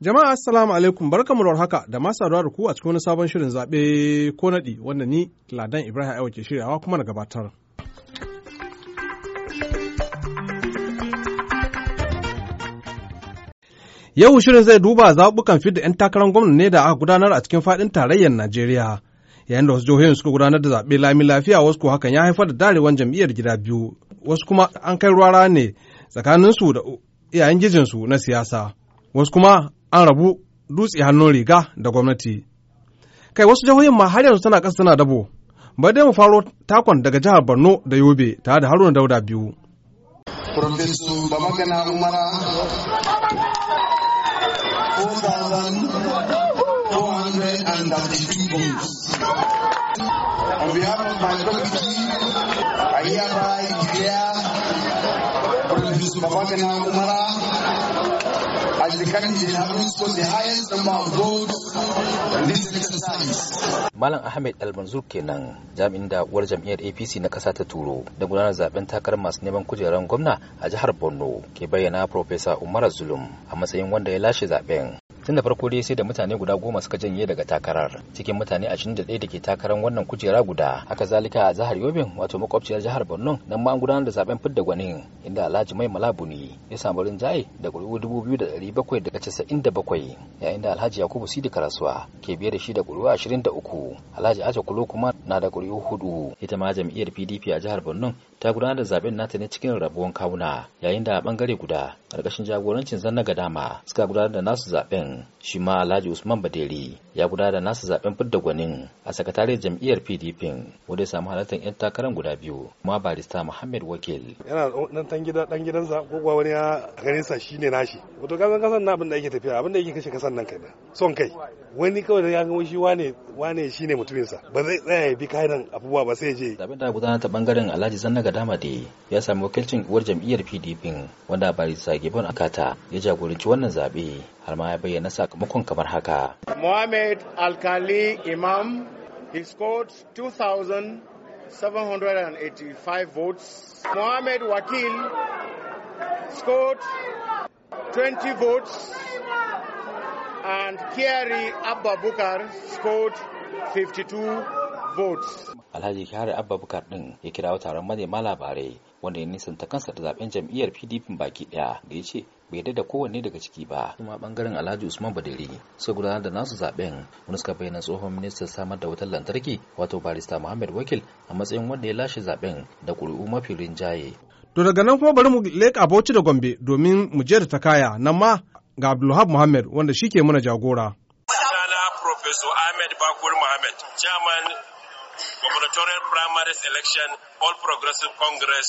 Jama'a assalamu alaikum barkamu da haka da masu saduwa ku a cikin wani sabon shirin zabe ko naɗi wanda ni Ladan Ibrahim Aiwa ke shiryawa kuma na gabatar. Yau shirin zai duba zaɓukan fidda 'yan takarar gwamna ne da aka gudanar a cikin faɗin tarayyar Najeriya. Yayin da wasu jihohin suka gudanar da zaɓe lami lafiya wasu ko hakan ya haifar da darewan jam'iyyar gida biyu wasu kuma an kai ruwa ne tsakaninsu da iyayen gijinsu na siyasa. Wasu kuma an rabu dutse hannun riga da gwamnati kai wasu jihohin ma har yanzu tana ƙasa tana dabo bari dai mu faro takon daga jihar borno da yobe tare da haruna dauda biyu Professor Babagana On behalf of my committee, I hereby declare Professor Babagana Umara as the for the highest number of votes in this exercise. Malam Ahmed Almanzur kenan jami'in da uwar jam'iyyar APC na ƙasa ta turo da gudanar zaben takarar masu neman kujerar gwamna a jihar Borno ke bayyana Profesa Umar Zulum a matsayin wanda ya lashe zaben. tun da farko dai sai da mutane guda goma suka janye daga takarar cikin mutane ashirin da da ke takarar wannan kujera guda haka zalika a zahar yobin wato makwabciyar jihar borno nan ma an gudanar da zaben fidda gwanin inda alhaji mai malabuni ya samu rinjaye da kuri'u dubu biyu da ɗari casa'in da bakwai yayin da alhaji yakubu sidi karasuwa ke biye da shi da ƙuri'u uku alhaji aja kulo kuma na da kuri'u hudu ita ma jam'iyyar pdp a jihar borno ta gudanar da zaben nata ne cikin rabuwan kawuna yayin da bangare guda karkashin jagorancin zanna dama suka gudanar da nasu zaben shi ma Alhaji Usman badeli ya gudanar da nasu zaben fidda gwanin a sakatariyar jam'iyyar PDP wanda ya samu halartar yan takarar guda biyu kuma barista Muhammad Wakil yana nan tan gida dan sa ko kuwa wani ya ganin sa shine nashi wato san kasan na abin da yake tafiya abin da yake kashe kasan nan kai son kai wani kawai da ya ga shi wane wane shine mutumin sa ba zai tsaya ya bi nan abubuwa ba sai je zaben da gudanar ta bangaren Alhaji Zanna damade ya sami wakilcin uwar jam'iyyar PDP wanda Barisa Gibon Akata ya jagoranci wannan zaɓe har ma ya bayyana sakamakon kamar haka. Mohamed Alkali Imam he scored 2,785 votes. Mohamed Wakil scored 20 votes and Kiari Abba Bukar scored 52 votes. Alhaji Kyari Abba Bukar din ya kirawo taron manema labarai wanda ya nisanta kansa da zaben jam'iyyar PDP baki ɗaya da ya ce bai da kowanne daga ciki ba kuma bangaren alhaji usman badiri suka gudanar da nasu zaben wani suka bayyana tsohon ministan samar da wutar lantarki wato barista muhammad wakil a matsayin wanda ya lashe zaben da ƙuri'u mafi rinjaye to daga nan kuma bari mu leƙa bauchi da gombe domin mu je da ta kaya nan ma ga abdulhab muhammad wanda shi ke muna jagora professor ahmed bakur muhammad chairman gubernatorial primaries election, All Progressive Congress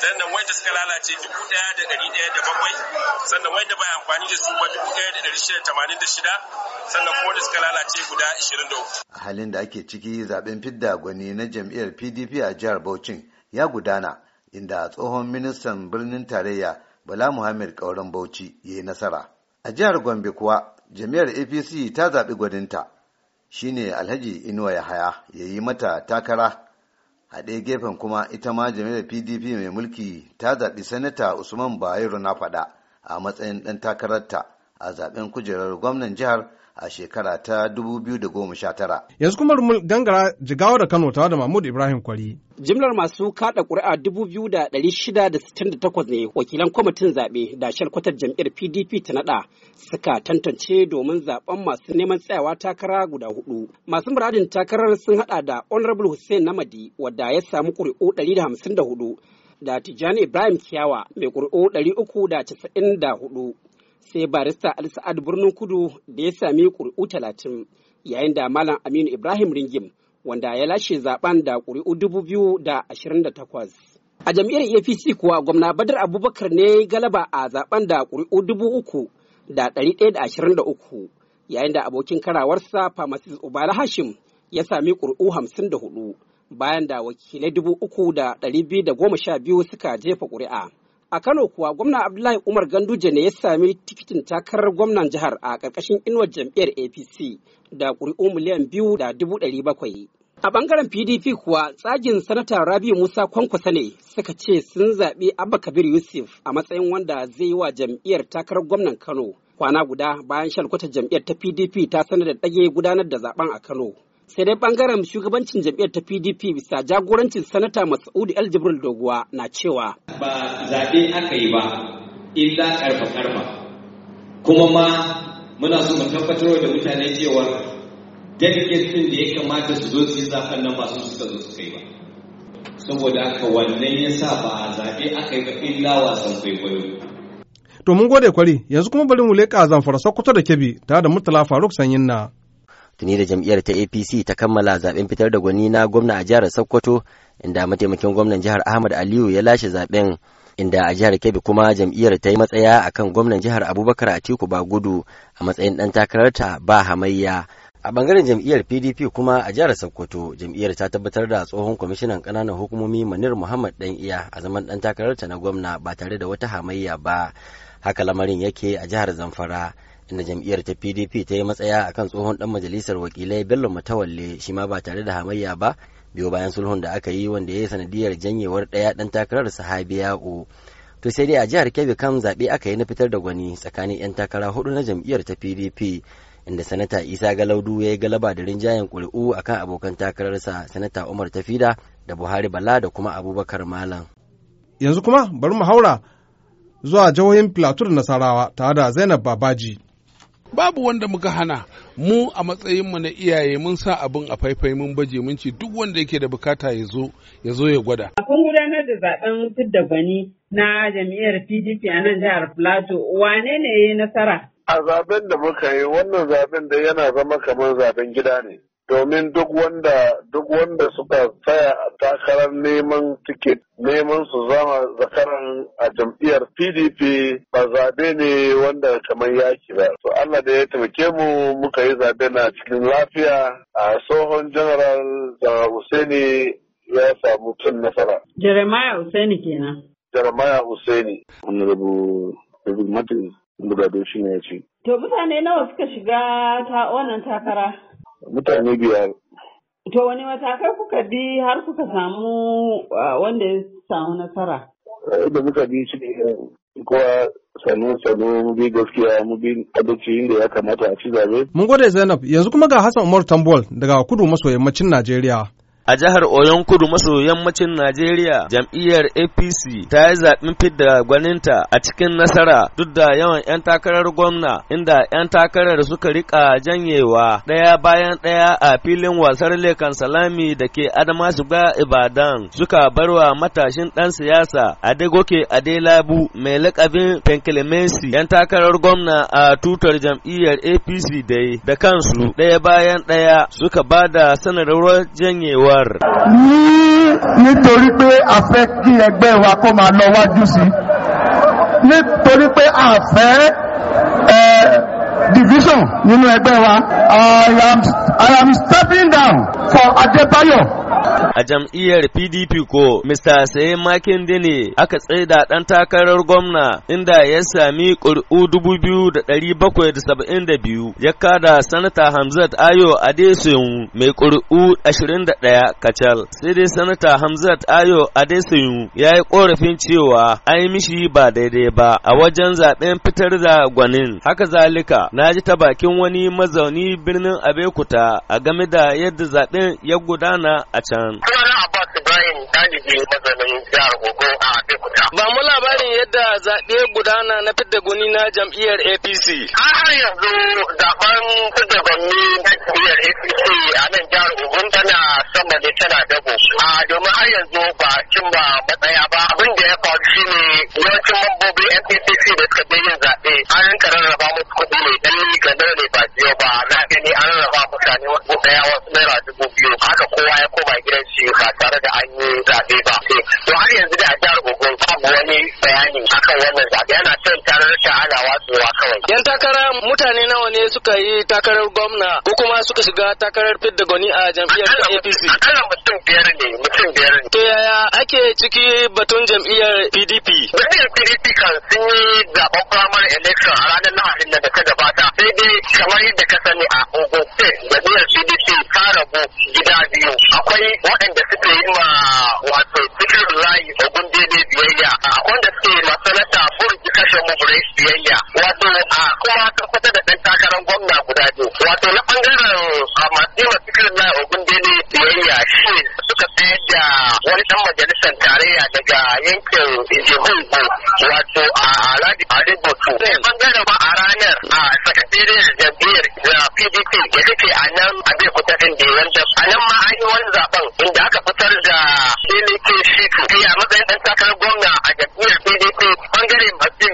sannan wanda suka lalace dubu ɗaya da ɗari ɗaya da bakwai sannan wanda bai amfani da su ba dubu ɗaya da ɗari shida tamanin da shida sannan kuma da suka lalace guda ashirin da uku. a halin da ake ciki zaben fidda gwani na jam'iyyar pdp a jihar Bauchin ya gudana inda tsohon ministan birnin tarayya bala muhammad kauran bauchi ya yi nasara a jihar gombe kuwa jam'iyyar apc ta zaɓi gwaninta shine alhaji inuwa yahaya ya yi mata takara a ɗaya gefen kuma ita ma jami'ar pdp mai mulki ta zaɓi sanata usman bayero na faɗa a matsayin ɗan takararta a zaɓen kujerar gwamnan jihar a shekara ta 2019. Yanzu kuma gangara jigawa da Kano tare da Mahmud Ibrahim Kwari. Jimlar masu kada ƙuri'a 2,668 ne wakilan kwamitin zaɓe da kwatar jam'iyyar PDP ta naɗa suka tantance domin zaɓen masu neman tsayawa takara guda hudu. Masu muradin takarar sun haɗa da Honorable Hussein Namadi wadda ya samu ƙuri'u 154 da Tijjani Ibrahim Kiyawa mai ƙuri'u 394. sai barista al-sa'ad birnin kudu da ya sami ƙuri'u talatin yayin da malam aminu ibrahim ringim wanda ya lashe zaben da ƙuri'u dubu biyu da ashirin da takwas a jam'iyyar apc kuwa gwamna badar abubakar ne galaba a zaben da ƙuri'u dubu uku da ɗari ɗaya da ashirin da uku yayin da abokin karawarsa pharmacist ubala hashim ya sami ƙuri'u hamsin da hudu bayan da wakilai dubu uku da ɗari biyu da goma sha biyu suka jefa ƙuri'a A Kano kuwa gwamna Abdullahi Umar Ganduje ne ya sami tikitin takarar gwamnan jihar a ƙarƙashin inuwar jam'iyyar APC da ƙuri'u miliyan biyu da dubu ɗari bakwai. A ɓangaren PDP kuwa tsagin sanata Rabiu Musa Kwankwasa ne suka ce sun zaɓi Abba Kabir Yusuf a matsayin wanda zai yi wa jam'iyyar takarar gwamnan Kano. Kwana guda bayan shalkwata jam'iyyar ta PDP ta sanar da ɗage gudanar da zaben a Kano. sai dai bangaren shugabancin jam'iyyar ta pdp bisa jagorancin sanata mas'ud el jibril doguwa na cewa ba zaɓe aka yi ba illa karfa karfa kuma ma muna so mu tabbatar da mutane cewa delegates din da ya kamata su zo su yi zaben nan ba su suka zo su kai ba saboda haka wannan ya sa ba zaɓe aka yi ba illa wasan kwaikwayo to mun gode kwari yanzu kuma bari mu leƙa zamfara sokoto da kebi tare da murtala faruk sanyin na tuni da jam'iyyar ta apc ta kammala zaben fitar da gwani na gwamna a jihar sokoto inda mataimakin gwamnan jihar ahmad aliyu ya lashe zaben inda a jihar kebbi kuma jam'iyyar ta yi matsaya akan gwamnan jihar abubakar atiku ba gudu a matsayin dan takararta ba hamayya a bangaren jam'iyyar pdp kuma a jihar sokoto jam'iyyar ta tabbatar da tsohon kwamishinan kananan hukumomi manir muhammad dan iya a zaman dan takararta na gwamna ba tare da wata hamayya ba haka lamarin yake a jihar zamfara inda jam'iyyar ta pdp ta yi matsaya akan tsohon dan majalisar wakilai bello matawalle shi ma ba tare da hamayya ba biyo bayan sulhun da aka yi wanda ya yi sanadiyar janyewar ɗaya ɗan takarar sahabi ya'o to sai dai a jihar kebbi kan zaɓe aka yi na fitar da gwani tsakanin 'yan takara hudu na jam'iyyar ta pdp inda sanata isa galaudu ya yi galaba da rinjayen ƙuri'u akan abokan takararsa sanata umar tafida da buhari bala da kuma abubakar malam yanzu kuma bari mu haura zuwa jihohin plateau da nasarawa tare da zainab babaji babu wanda muka hana mu a matsayinmu na iyaye mun sa abin a faifai mun baje mun ce duk wanda yake da bukata ya zo ya zo ya gwada. Kun gudanar da zaben fidda gwani na jam'iyyar PDP a nan jihar Plateau wane ne ya yi nasara? A zaben da muka yi wannan zaben da yana zama kamar zaben gida ne. domin duk wanda duk wanda suka tsaya a takarar neman tiket neman su zama zakaran a jam'iyyar PDP ba zabe ne wanda kamar yaki ba to Allah da ya taimake mu muka yi zabe na cikin lafiya a tsohon general da Hussaini ya samu cin nasara Jeremiah Hussaini kenan Jeremiah Hussaini honorable David Martin shi ne ya ce to mutane nawa suka shiga ta wannan takara mutane biyar To wani matakai kuka bi har kuka samu wanda ya samu nasara? Da muka bi shi kuwa sannu sannu mu bi gaskiya mu bi abinci, inda ya kamata a ci zabe. Mun gode Zainab yanzu kuma ga Hassan Umar Tambol daga kudu maso yammacin Najeriya A jihar Oyon Kudu maso yammacin Najeriya, jam'iyyar APC ta yi zaɓin fidda gwaninta a cikin nasara duk da yawan 'yan takarar gwamna inda 'yan takarar suka rika janyewa ɗaya bayan ɗaya a filin wasar Lekan Salami da ke Adama Suga Ibadan suka barwa matashin ɗan siyasa Adegoke Adelabu mai lakabin Penkilemesi 'yan takarar gwamna a tutar jam'iyyar APC dai da kansu ɗaya bayan ɗaya suka ba da sanarwar janyewa akbar. ní nítorí pé a fẹ́ kí ẹgbẹ́ wa kó máa lọ wájú sí nítorí pé a fẹ́ ẹ division nínú ẹgbẹ́ wa I am I am stepping down for Adébáyọ̀. A jam'iyyar PDP ko Mr. Saye Makinde ne aka tsaida ɗan takarar gwamna inda ya sami ƙuri'u dubu biyu da ya kada sanata Hamzat Ayo Adesun mai ƙuri'u ashirin kacal. Sai dai sanata Hamzat Ayo Adesun ya yi ƙorafin cewa an yi mishi ba daidai ba a wajen zaɓen fitar da gwanin. Haka zalika na ji ta bakin wani mazauni birnin abekuta a game da yadda zaɓen ya gudana a can. kenan. Sunana Abbas Ibrahim ɗalibi mazanin jihar Ogun a Abeokuta. Ba mu labarin yadda zaɓe gudana na fidda guni na jam'iyyar APC. Har yanzu zaɓen fidda gwani na jam'iyyar APC a nan jihar Ogun tana sama ne tana dago. A domin har yanzu ba cin ba matsaya ba abin da ya faru shine yawancin mambobin NPCC da suka yin zaɓe an rinka rarraba musu kuɗi mai dan ni ne ba jiyo ba na gani an mutane wasu daya wasu naira dubu biyu haka kowa ya koma gidan shi ba tare da an yi zaɓe ba to har yanzu da a jihar Ogun babu wani bayani akan wannan zaɓe yana cin tare da ana watsewa kawai yan takara mutane nawa ne suka yi takarar gwamna ko kuma suka shiga takarar fidda gwani a jam'iyyar APC akalla mutum biyar ne mutum biyar ne to yaya ake ciki batun jam'iyyar PDP jam'iyyar PDP kan sun yi zaɓen primary election a ranar Lahadin da ta gabata sai dai kamar yadda ka sani a Ogun State jami'ar cdc ta rabu gida biyu akwai waɗanda suka yi ma wato zikirin layi da gundede biyayya akwai wanda suke ma sanata burji kashe mubure biyayya wato a kuma ta kusa da ɗan takarar gwamna guda biyu wato na ɓangaren masu yi ma zikirin layi da gundede biyayya shi suka sayar da wani ɗan majalisar tarayya daga yankin jihun wato a alhaji adibutu ɓangaren irin jam'iyyar PDP da take a nan a bai fitar da wanda a nan ma an yi wani zaben inda aka fitar da Ilike Shitu a matsayin ɗan takarar gwamna a jam'iyyar PDP bangare Masjid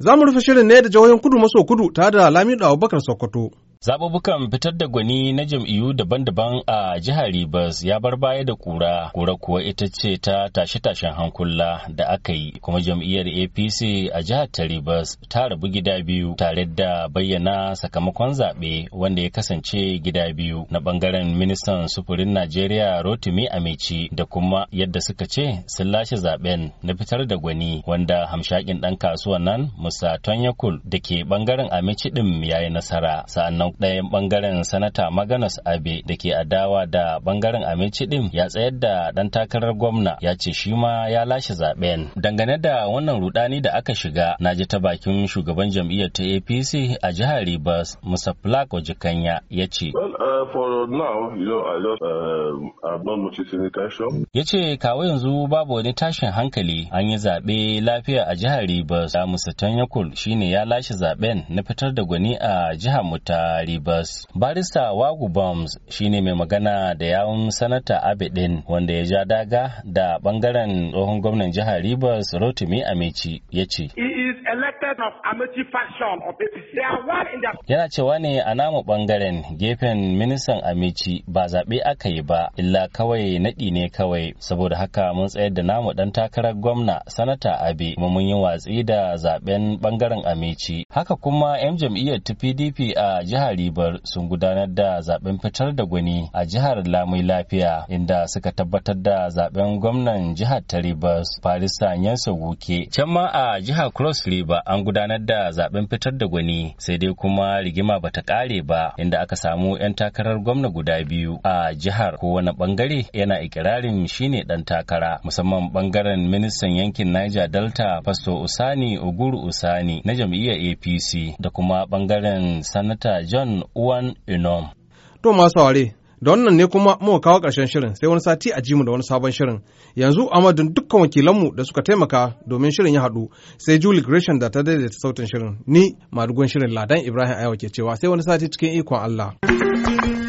Za mu rufe shirin ne da jihohin kudu maso kudu tare da Lamido Abubakar Sokoto. Zaɓuɓɓukan fitar da gwani na jam'iyyu daban-daban a jihar Ribas ya bar baya da kura, kura kuwa ita ce ta tashe-tashen hankula da aka yi, kuma jam'iyyar APC a jihar ta Ribas ta rabu gida biyu tare da bayyana sakamakon zaɓe wanda ya kasance gida biyu na ɓangaren ministan sufurin Najeriya Rotimi Amici da kuma yadda suka ce sun lashe zaɓen na fitar da gwani wanda hamshakin ɗan kasuwan nan musa tonyakul da ke bangaren amici din ya yi nasara sa'annan ɗayan bangaren sanata maganas abe da ke adawa da bangaren amici din ya tsayar da ɗan takarar gwamna ya ce shi ma ya lashe zaben dangane da wannan rudani da aka shiga na ji ta bakin shugaban jam'iyyar ta apc a jihar rivers musa flak Ojikanya ya ce uh, um, ya ce kawai yanzu babu wani tashin hankali an yi zaɓe lafiya a jihar rivers Musatan Yakul shine ya lashe zaben na fitar da gwani a jihar mu ta Rivers. Barista Wagu Bombs shine mai magana da yawun sanata Abedin wanda ya ja daga da bangaren tsohon gwamnan jihar Rivers Rotimi amici ya ce. Eh, Yana cewa ne a namu bangaren gefen ministan Amici ba zaɓe aka yi ba illa kawai naɗi ne kawai saboda haka mun tsayar da namu ɗan takarar gwamna sanata Abe kuma mun yi watsi da zaɓen bangaren Amici. Haka kuma 'yan jam'iyyar ta PDP a jihar Ribar sun gudanar da zaɓen fitar da gwani a jihar Lamai Lafiya inda suka tabbatar da zaɓen gwamnan jihar ta ribar Farisa Nyansa Wuke. Can ma a jihar Cross misri ba an gudanar da zaben fitar da gwani sai dai kuma rigima bata kare ba inda aka samu 'yan takarar gwamna guda biyu a jihar kowane bangare yana ikirarin shine dan takara musamman bangaren ministan yankin niger delta fasto usani oguru usani na jam'iyyar apc da kuma bangaren sanata john uwan inom to masu da wannan ne kuma muka kawo ƙarshen shirin sai wani sati a jimu da wani sabon shirin yanzu amadun dukkan wakilanmu da suka taimaka domin shirin ya haɗu sai julie gresham da ta daidaita sautin shirin ni madugon shirin ladan ibrahim ayawa ke cewa sai wani sati cikin ikon allah